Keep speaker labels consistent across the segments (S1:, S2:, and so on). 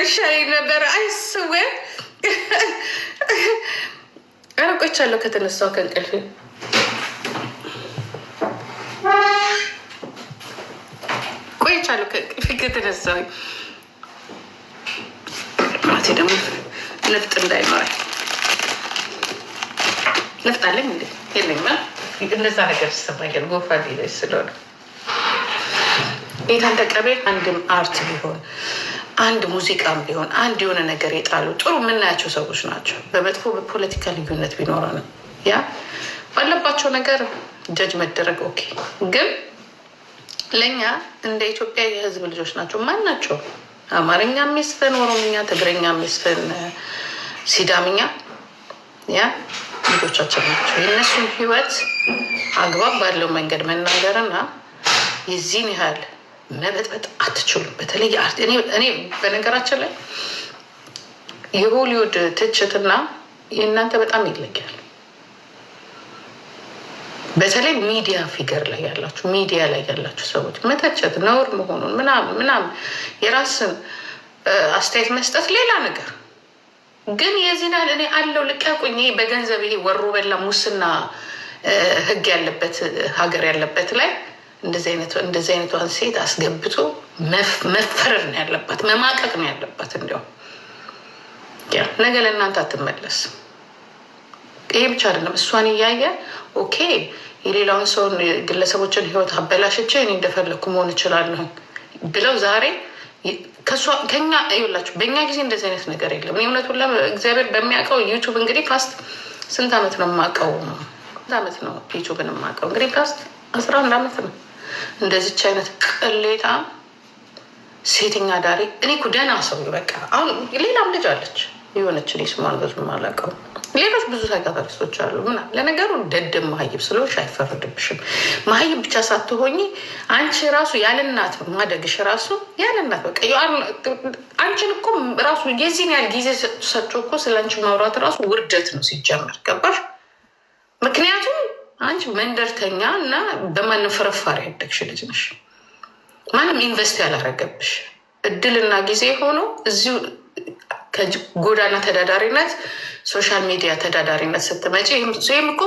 S1: ነገር ይሻለኝ ነበር። አይስወ አውቆቻለሁ ከተነሳሁ ከእንቅልፌ ቆይቻለሁ ከእንቅልፌ ከተነሳሁኝ ማቴ ደግሞ አለኝ እንዴ የለኝማ።
S2: እንደዛ ነገር ይሰማኛል። ጎፋ ስለሆነ ስለሆነ
S1: የታንተቀቤ አንድም አርት ቢሆን አንድ ሙዚቃም ቢሆን አንድ የሆነ ነገር የጣሉ ጥሩ የምናያቸው ሰዎች ናቸው። በመጥፎ በፖለቲካ ልዩነት ቢኖረንም ያ ባለባቸው ነገር ጀጅ መደረግ ኦኬ፣ ግን ለእኛ እንደ ኢትዮጵያ የህዝብ ልጆች ናቸው። ማን ናቸው? አማርኛ የሚስፈን ኦሮምኛ፣ ትግረኛ የሚስፈን ሲዳምኛ ያ ልጆቻችን ናቸው። የእነሱን ህይወት አግባብ ባለው መንገድ መናገርና የዚህን ያህል መበጥበጥ አትችሉም። በተለይ እኔ በነገራችን ላይ የሆሊውድ ትችትና የእናንተ በጣም ይለያል። በተለይ ሚዲያ ፊገር ላይ ያላችሁ ሚዲያ ላይ ያላችሁ ሰዎች መተቸት ነውር መሆኑን ምናምን ምናምን የራስን አስተያየት መስጠት ሌላ ነገር ግን የዚህን ያህል እኔ አለው ልቀቁኝ። በገንዘብ ይሄ ወሮ በላ ሙስና ህግ ያለበት ሀገር ያለበት ላይ እንደዚህ አይነቷን ሴት አስገብቶ መፈረር ነው ያለባት፣ መማቀቅ ነው ያለባት። እንዲያው ነገ ለእናንተ አትመለስ። ይሄ ብቻ አይደለም፣ እሷን እያየ ኦኬ፣ የሌላውን ሰውን ግለሰቦችን ህይወት አበላሽቼ እኔ እንደፈለግኩ መሆን እችላለሁ ብለው ዛሬ ከኛ ይላችሁ። በእኛ ጊዜ እንደዚህ አይነት ነገር የለም። እውነቱን እግዚአብሔር በሚያውቀው ዩቱብ እንግዲህ ፓስት ስንት አመት ነው የማውቀው? ስንት አመት ነው ዩቱብን የማውቀው? እንግዲህ ፓስት አስራ አንድ ዓመት ነው እንደዚች አይነት ቅሌታ ሴተኛ ዳሪ። እኔ እኮ ደህና ሰው በቃ አሁን ሌላም ልጅ አለች የሆነች እኔ ስሟን በዙም አላውቀውም። ሌሎች ብዙ ሳይካትሪስቶች አሉ ምና ለነገሩ ደድም መሀይብ ስለሆንሽ አይፈረድብሽም። መሀይብ ብቻ ሳትሆኚ አንቺ ራሱ ያለናት ማደግሽ ራሱ ያለናት በቃ አንቺን እኮ ራሱ የዚህን ያህል ጊዜ ሰጡ እኮ ስለ አንቺ ማውራት ራሱ ውርደት ነው ሲጀመር ገባሽ? ምክንያቱም አንቺ መንደርተኛ እና በማንም ፍርፋሪ ያደግሽ ልጅ ነሽ። ማንም ኢንቨስት ያላረገብሽ እድልና ጊዜ ሆኖ እዚሁ ከጎዳና ተዳዳሪነት ሶሻል ሚዲያ ተዳዳሪነት ስትመጪ ይህም እኮ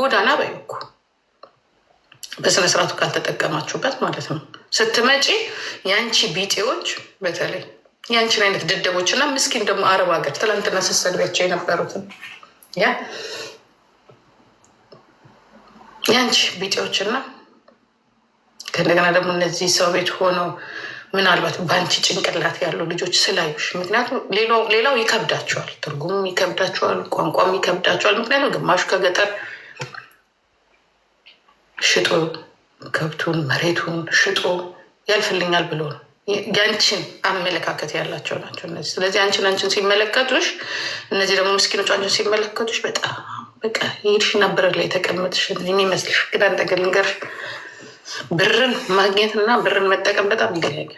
S1: ጎዳና በይኩ እኮ በስነስርዓቱ ካልተጠቀማችሁበት ማለት ነው። ስትመጪ የአንቺ ቢጤዎች በተለይ የአንቺን አይነት ደደቦች እና ምስኪን ደግሞ አረብ ሀገር ትላንትና ስሰድቢያቸው የነበሩትን ያ ያንቺ ቢጤዎችና ከእንደገና ደግሞ እነዚህ ሰው ቤት ሆነው ምናልባት በአንቺ ጭንቅላት ያሉ ልጆች ስላዩሽ፣ ምክንያቱም ሌላው ይከብዳቸዋል፣ ትርጉሙ ይከብዳቸዋል፣ ቋንቋም ይከብዳቸዋል። ምክንያቱም ግማሹ ከገጠር ሽጦ ከብቱን መሬቱን ሽጦ ያልፍልኛል ብሎ ነው። የአንቺን አመለካከት ያላቸው ናቸው እነዚህ። ስለዚህ አንቺን አንቺን ሲመለከቱሽ፣ እነዚህ ደግሞ ምስኪኖች አንቺን ሲመለከቱሽ በጣም በቃ የሄድሽና ብር ላይ ተቀመጥሽ የሚመስልሽ ግን አንድ ነገር ልንገርሽ፣ ብርን እና ብርን መጠቀም በጣም ይገኛል።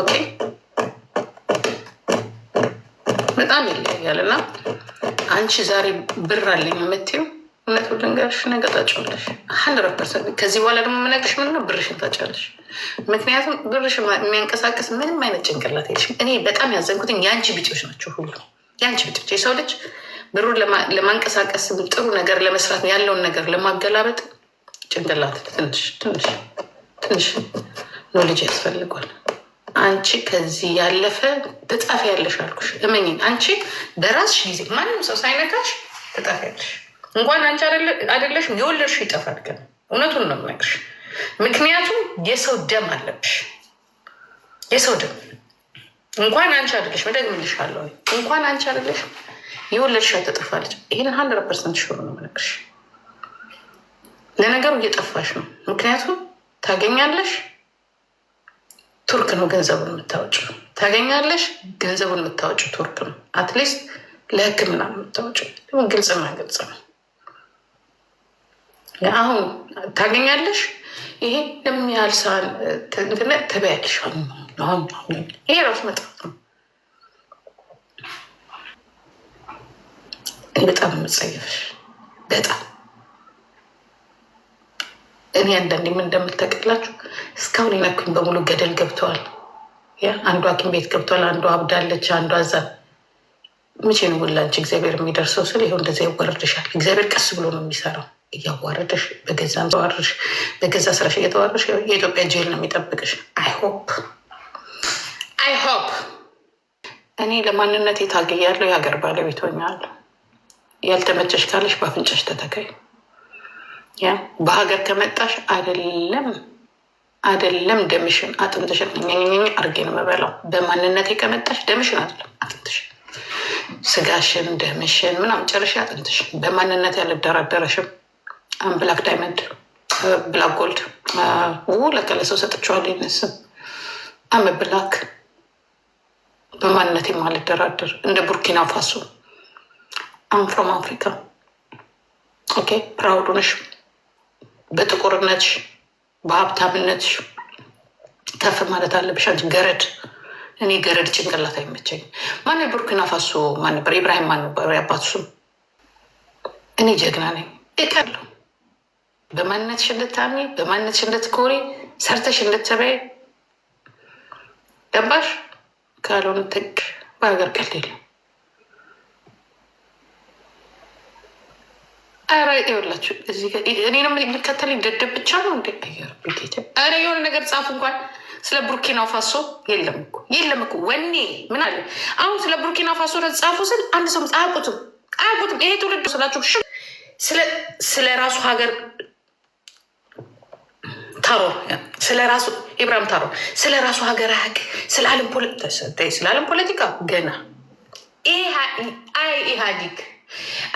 S1: ኦኬ በጣም ይለያያል። እና አንቺ ዛሬ ብር አለኝ የምትይው እውነት ልንገርሽ ነገ ታጫለሽ፣ ሀንድረድ ፐርሰንት። ከዚህ በኋላ ደግሞ የምነግርሽ ምንድነው ብርሽን ታጫለሽ። ምክንያቱም ብርሽ የሚያንቀሳቀስ ምንም አይነት ጭንቅላት የለሽም። እኔ በጣም ያዘንኩትኝ የአንቺ ቢጤዎች ናቸው ሁሉ የአንቺ ቢጤዎች የሰው ልጅ ብሩን ለማንቀሳቀስ ጥሩ ነገር ለመስራት ያለውን ነገር ለማገላበጥ ጭንቅላት ትንሽ ትንሽ ትንሽ ኖሌጅ ያስፈልጓል። አንቺ ከዚህ ያለፈ በጣፊ ያለሽ አልኩሽ፣ እመኝ። አንቺ በራስሽ ጊዜ ማንም ሰው ሳይነካሽ በጣፊ ያለሽ እንኳን አንቺ አይደለሽም የወለድሽ ይጠፋል። ግን እውነቱን ነው የምነግርሽ፣ ምክንያቱም የሰው ደም አለብሽ። የሰው ደም እንኳን አንቺ አይደለሽም፣ አለ እንኳን አንቺ አይደለሽም የወለድሻት ትጠፋለች። ይህን ሀንድረድ ፐርሰንት ሽሮ ነው የምነግርሽ። ለነገሩ እየጠፋሽ ነው። ምክንያቱም ታገኛለሽ፣ ቱርክ ነው ገንዘቡን የምታወጭ። ታገኛለሽ፣ ገንዘቡን የምታወጭ ቱርክ ነው። አትሊስት ለህክምና የምታወጭ ግልጽና ግልጽ ነው። አሁን ታገኛለሽ፣ ይሄ ለምን ያህል ሰዓት ተበያለሽ። ይሄ ራሱ መጣ ነው በጣም የምጸየፍሽ በጣም እኔ አንዳንዴ ምን እንደምታቀላችሁ እስካሁን የነኩኝ በሙሉ ገደል ገብተዋል። አንዷ ሐኪም ቤት ገብተዋል። አንዷ አብዳለች። አንዷ እዛ መቼ ነው ላንቺ እግዚአብሔር የሚደርሰው? ስል ይኸው እንደዚ ያዋርድሻል። እግዚአብሔር ቀስ ብሎ ነው የሚሰራው። እያዋረደሽ በገዛ ተዋርሽ በገዛ ስራሽ እየተዋረሽ የኢትዮጵያ ጄል ነው የሚጠብቅሽ። አይሆፕ አይሆፕ እኔ ለማንነት የታገያለሁ። የሀገር ባለቤት ሆኛለሁ። ያልተመቸሽ ካለሽ በአፍንጫሽ ተተካይ። በሀገር ከመጣሽ አይደለም አይደለም ደምሽን አጥንትሽን አርጌ ነው የምበላው። በማንነት ከመጣሽ ደምሽን አይደለም አጥንትሽን፣ ስጋሽን፣ ደምሽን ምናም ጨርሽ አጥንትሽ። በማንነት አልደራደረሽም። ብላክ ዳይመንድ ብላክ ጎልድ ለቀለ ሰው ሰጥቸዋል ይነስም አመ ብላክ በማንነት አልደራደር እንደ ቡርኪና ፋሶ አም አፍሪካ ኦኬ ፕራውድ ነሽ በጥቁርነትሽ በሀብታምነትሽ ከፍ ማለት አለብሽ። አንቺ ገረድ እኔ ገረድ ጭንቅላት አይመቸኝ። ማን ቡርኪና ፋሶ ማን ነበር? ኢብራሂም ማን ነበር ያባቱ ስም? እኔ ጀግና ነኝ እቀለሁ። በማንነትሽ እንድታምኚ፣ በማንነትሽ እንድትኮሪ፣ ሰርተሽ እንድትበይ ገባሽ። ካልሆነ ተግ በሀገር ቀልድ የለም። ኧረ ይኸውላችሁ እኔንም የሚከተለኝ ደደብ ብቻ ነው። ኧረ የሆነ ነገር ጻፉ እንኳን ስለ ቡርኪና ፋሶ የለም እኮ የለም እኮ ወኔ ምን አለ አሁን ስለ ቡርኪና ፋሶ ጻፉ ስል አንድ ሰው አያውቁትም፣ አያውቁትም። ይሄ ትውልድ ስላችሁ ስለ ራሱ ሀገር ታሮ ስለ ራሱ ኢብራሂም ታሮ ስለ ራሱ ሀገር ያቅ ስለ አለም ፖለቲካ ገና ይሄ ኢህአዲግ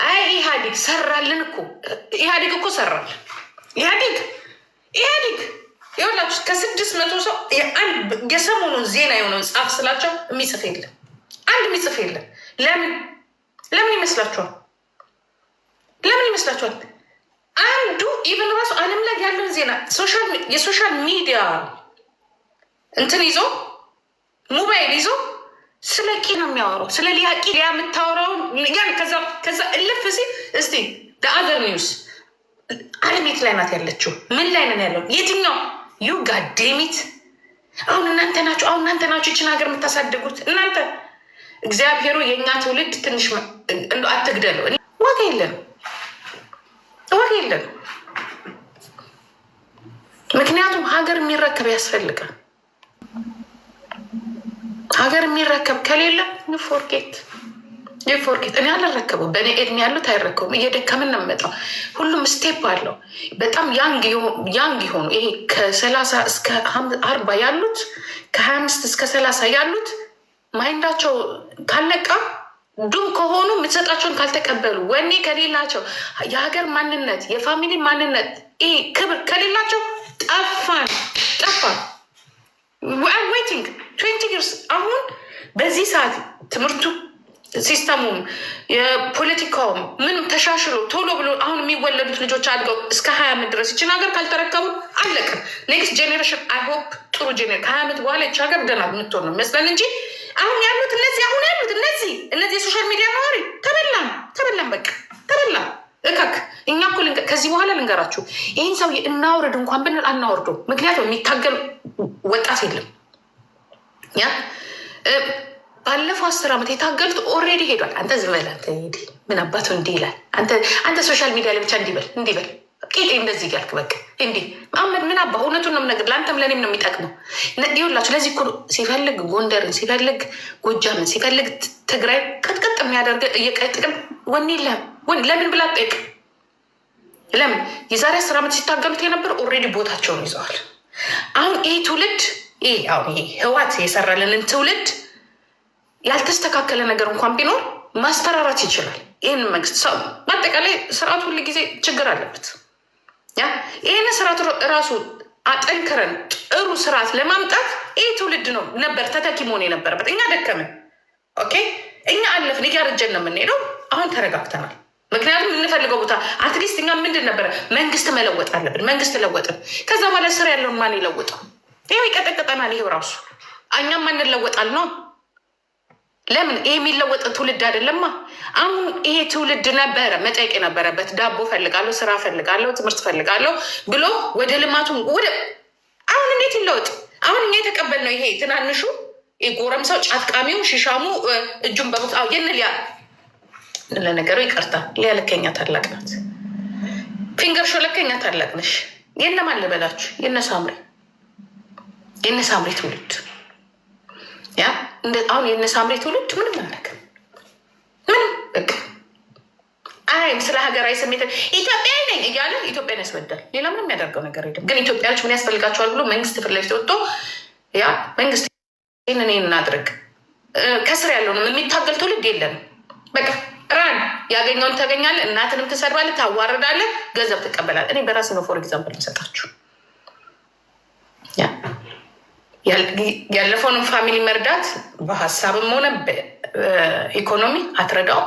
S1: አይ ኢህአዴግ ሰራልን እኮ ኢህአዴግ እኮ ሰራልን። ኢህአዴግ ኢህአዴግ የሁላችሁ ከስድስት መቶ ሰው የሰሞኑን ዜና የሆነውን ጻፍ ስላቸው የሚጽፍ የለም፣ አንድ የሚጽፍ የለም። ለምን ለምን ይመስላችኋል? ለምን ይመስላችኋል? አንዱ ኢቨን ራሱ አለም ላይ ያለውን ዜና የሶሻል ሚዲያ እንትን ይዞ ሞባይል ይዞ ስለ ኪ ነው የሚያወራው፣ ስለ ሊያ ቂ ሊያ የምታወራውን ያን ከዛ እልፍ ሲል እስቲ አዘር ኒውስ አለሜት ላይ ናት ያለችው። ምን ላይ ነን ያለው? የትኛው ዩ ጋዴሚት አሁን እናንተ ናችሁ፣ አሁን እናንተ ናችሁ ይችን ሀገር የምታሳድጉት እናንተ። እግዚአብሔሩ የእኛ ትውልድ ትንሽ እንደ አትግደለው። ዋጋ የለም፣ ዋጋ የለም። ምክንያቱም ሀገር የሚረከብ ያስፈልጋል። ሀገር የሚረከብ ከሌለ ፎርጌት ፎርጌት እኔ አልረከበው። በእኔ እድሜ ያሉት አይረከቡም። እየደከምን ነው የምመጣው። ሁሉም ስቴፕ አለው። በጣም ያንግ የሆኑ ይሄ ከሰላሳ እስከ አርባ ያሉት ከሀያ አምስት እስከ ሰላሳ ያሉት ማይንዳቸው ካለቃ ዱም ከሆኑ የምትሰጣቸውን ካልተቀበሉ ወኔ ከሌላቸው የሀገር ማንነት የፋሚሊ ማንነት ክብር ከሌላቸው ጠፋን ጠፋን። ዌቲንግ ትዌንቲ ይርስ አሁን በዚህ ሰዓት ትምህርቱ ሲስተሙም የፖለቲካውም ምን ተሻሽሎ ቶሎ ብሎ አሁን የሚወለዱት ልጆች አድገው እስከ ሀያ ዓመት ድረስ ይችን ሀገር ካልተረከቡ አለቀ። ኔክስት ጄኔሬሽን አይሆፕ ጥሩ ጄኔ ከሀያ ዓመት በኋላ ይች ሀገር ደህና የምትሆን ነው ይመስለን እንጂ አሁን ያሉት እነዚህ አሁን ያሉት እነዚህ እነዚህ የሶሻል ሚዲያ ነዋሪ ተበላም ተበላም በቃ ተበላም እካክ እኛ እኮ ከዚህ በኋላ ልንገራችሁ ይህን ሰው እናውርድ እንኳን ብንል አናወርዱ። ምክንያቱም የሚታገሉ ወጣት የለም። ያ ባለፈው አስር ዓመት የታገሉት ኦሬዲ ሄዷል። አንተ ዝበል አንተ አንተ ምን አባቱ እንዲህ ይላል። አንተ ሶሻል ሚዲያ ላይ ብቻ እንዲበል እንዲበል ቄጤ እንደዚህ እያልክ በቃ እንዲህ መሐመድ ምን አባ እውነቱን ነው የምነግርህ። ለአንተም ለእኔም ነው የሚጠቅመው። ይኸውላችሁ ለዚህ እኮ ሲፈልግ ጎንደርን፣ ሲፈልግ ጎጃምን፣ ሲፈልግ ትግራይ ቅጥቅጥ የሚያደርገ እየቀጥቅም ወኔ ለም ለምን ብላ ጠይቅ። ለምን የዛሬ አስር ዓመት ሲታገሉት የነበር ኦሬዲ ቦታቸውን ይዘዋል። አሁን ይህ ትውልድ ይሄ ህዋት የሰራልንን ትውልድ ያልተስተካከለ ነገር እንኳን ቢኖር ማስፈራራት ይችላል። ይህን መንግስት ሰው በአጠቃላይ ስርዓቱ ሁሉ ጊዜ ችግር አለበት። ይህን ስርዓቱ ራሱ አጠንክረን ጥሩ ስርዓት ለማምጣት ይህ ትውልድ ነው ነበር ተተኪ መሆን የነበረበት። እኛ ደከምን፣ ኦኬ፣ እኛ አለፍን፣ እያረጀን ነው የምንሄደው። አሁን ተረጋግተናል። ምክንያቱም የምንፈልገው ቦታ አትሊስት እኛ ምንድን ነበረ መንግስት መለወጥ አለብን። መንግስት ለወጥን። ከዛ በኋላ ስር ያለውን ማን ይለውጠው? ይኸው ይቀጠቅጠናል። ይሄው ራሱ እኛም እንለወጣል ነው። ለምን ይሄ የሚለወጥ ትውልድ አይደለማ። አሁን ይሄ ትውልድ ነበረ መጠየቅ የነበረበት ዳቦ ፈልጋለሁ፣ ስራ ፈልጋለሁ፣ ትምህርት ፈልጋለሁ ብሎ ወደ ልማቱ ወደ አሁን እንዴት ይለወጥ? አሁን እኛ የተቀበልነው ይሄ ትናንሹ ጎረምሳው፣ ጫትቃሚው፣ ሽሻሙ እጁን በቦታ የንል ለነገሩ ይቅርታ ሊያ ለከኛ ታላቅ ናት። ፊንገር ሾ ለከኛ ታላቅ ነሽ። የነማን ልበላችሁ? የነ ሳምሪ የነ ሳምሪ ትውልድ ያ አሁን የነ ሳምሪ ትውልድ ምንም አናውቅም። ምንም በቃ አይ ስለ ሀገራዊ ስሜት ኢትዮጵያዊ ነኝ እያለ ኢትዮጵያን ያስበዳል። ሌላ ምንም ያደርገው ነገር የለም። ግን ኢትዮጵያኖች ምን ያስፈልጋቸዋል ብሎ መንግስት ፊት ለፊት ወጥቶ ያ መንግስት ይህንን እናድርግ ከስር ያለውን የሚታገል ትውልድ የለንም በቃ ራን ያገኘውን ታገኛለህ። እናትንም ትሰድባለህ፣ ታዋረዳለ ገንዘብ ትቀበላል። እኔ በራሴ ነው ፎር ኤግዛምፕል ሰጣችሁ። ያለፈውንም ፋሚሊ መርዳት በሀሳብም ሆነ በኢኮኖሚ አትረዳው።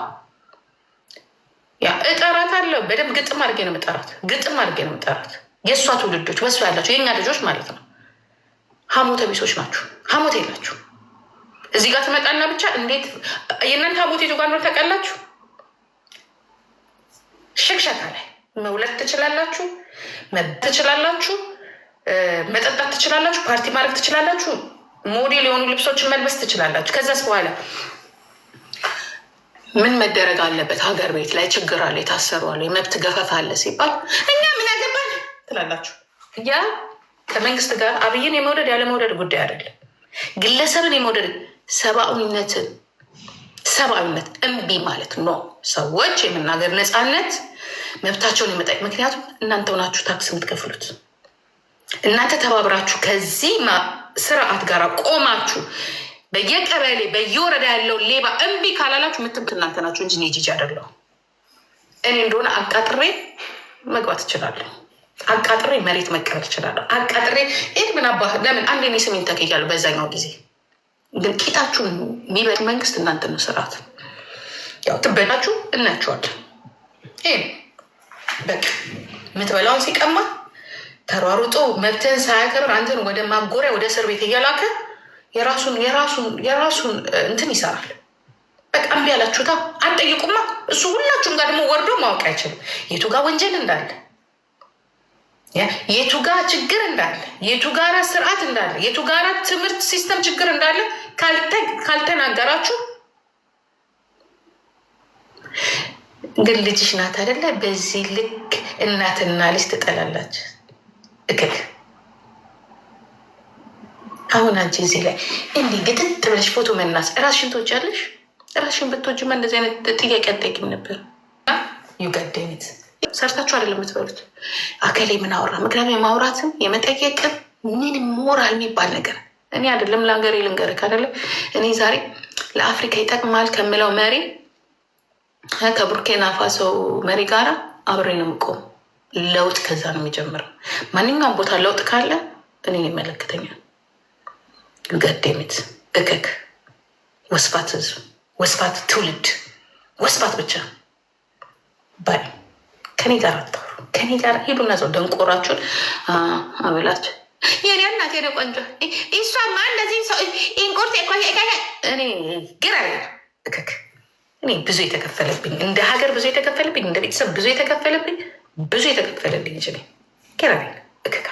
S1: እጠራት አለው በደንብ ግጥም አድርጌ ነው የምጠራት፣ ግጥም አድርጌ ነው የምጠራት። የእሷ ትውልዶች በሱ ያላቸው የእኛ ልጆች ማለት ነው ሀሞተ ቢሶች ናችሁ፣ ሀሞት የላችሁ። እዚህ ጋር ትመጣና ብቻ እንዴት የእናንተ ሀሞት የቱ ጋር ነው ታውቃላችሁ? ሽክሸካ ላይ መውለድ ትችላላችሁ፣ መብላት ትችላላችሁ፣ መጠጣት ትችላላችሁ፣ ፓርቲ ማድረግ ትችላላችሁ፣ ሞዴል የሆኑ ልብሶችን መልበስ ትችላላችሁ። ከዛስ በኋላ ምን መደረግ አለበት? ሀገር ቤት ላይ ችግር አለ፣ የታሰሩ አለ፣ የመብት ገፈፍ አለ ሲባል እኛ ምን ያገባል ትላላችሁ። ያ ከመንግስት ጋር አብይን የመውደድ ያለመውደድ ጉዳይ አይደለም። ግለሰብን የመውደድ ሰብአዊነትን ሰብአዊነት እምቢ ማለት ኖ። ሰዎች የመናገር ነፃነት መብታቸውን የመጠቅ ምክንያቱም እናንተ ሆናችሁ ታክስ የምትከፍሉት እናንተ ተባብራችሁ ከዚህ ስርዓት ጋር ቆማችሁ በየቀበሌ በየወረዳ ያለው ሌባ እምቢ ካላላችሁ ምትምት እናንተ ናችሁ እንጂ እኔ ጂጂ አይደለሁም። እኔ እንደሆነ አቃጥሬ መግባት እችላለሁ። አቃጥሬ መሬት መቀበል እችላለሁ። አቃጥሬ ይህ ምን አባ ለምን አንድ እኔ ስሜን ተከያለሁ በዛኛው ጊዜ ግን ቂጣችሁ መንግስት እናንተ ነው ስርዓት ትበላችሁ እናያቸዋለን። ይህ በቃ የምትበላውን ሲቀማ ተሯሩጦ መብትህን ሳያከብር አንተን ወደ ማጎሪያ ወደ እስር ቤት እየላከ የራሱን የራሱን የራሱን እንትን ይሰራል። በቃ እምቢ ያላችሁታ አንጠይቁማ። እሱ ሁላችሁም ጋር ደግሞ ወርዶ ማወቅ አይችልም የቱ ጋር ወንጀል እንዳለ የቱ ጋ ችግር እንዳለ፣ የቱ ጋራ ስርዓት እንዳለ፣ የቱ ጋራ ትምህርት ሲስተም ችግር እንዳለ ካልተናገራችሁ ግን ልጅሽ ናት አደለ? በዚህ ልክ እናትና ልጅ ትጠላላች። እክል አሁን አንቺ እዚህ ላይ እንዲህ ግጥጥ ብለሽ ፎቶ መናስ ራስሽን ትወጫለሽ። ራስሽን ብትወጂማ እንደዚህ አይነት ጥያቄ አጠይቂም ነበር ዩጋደኝት ሰርታችሁ አይደለም የምትበሉት። አከሌ ምን አወራ? ምክንያቱም የማውራትም የመጠየቅም ምን ሞራል የሚባል ነገር እኔ አይደለም ለሀገሬ ልንገርክ አይደለም እኔ ዛሬ ለአፍሪካ ይጠቅማል ከምለው መሪ ከቡርኪና ፋሶ መሪ ጋር አብሬ ነው የምቆም። ለውጥ ከዛ ነው የሚጀምረው። ማንኛውም ቦታ ለውጥ ካለ እኔን ይመለከተኛል። ገደሚት እከክ ወስፋት ህዝብ፣ ወስፋት ትውልድ፣ ወስፋት ብቻ ባይ ከኔ ጋር አታውሩ። ከኔ ጋር ሄዱና ሰው ደንቆራችሁን አበላችሁ። የኔ እናት ሄደ ቆንጆ እሷማ እንደዚህ ሰው ኢንቁርት እኔ ግራ እክክ እኔ ብዙ የተከፈለብኝ እንደ ሀገር ብዙ የተከፈለብኝ እንደ ቤተሰብ ብዙ የተከፈለብኝ ብዙ የተከፈለብኝ ግር አለ እክካ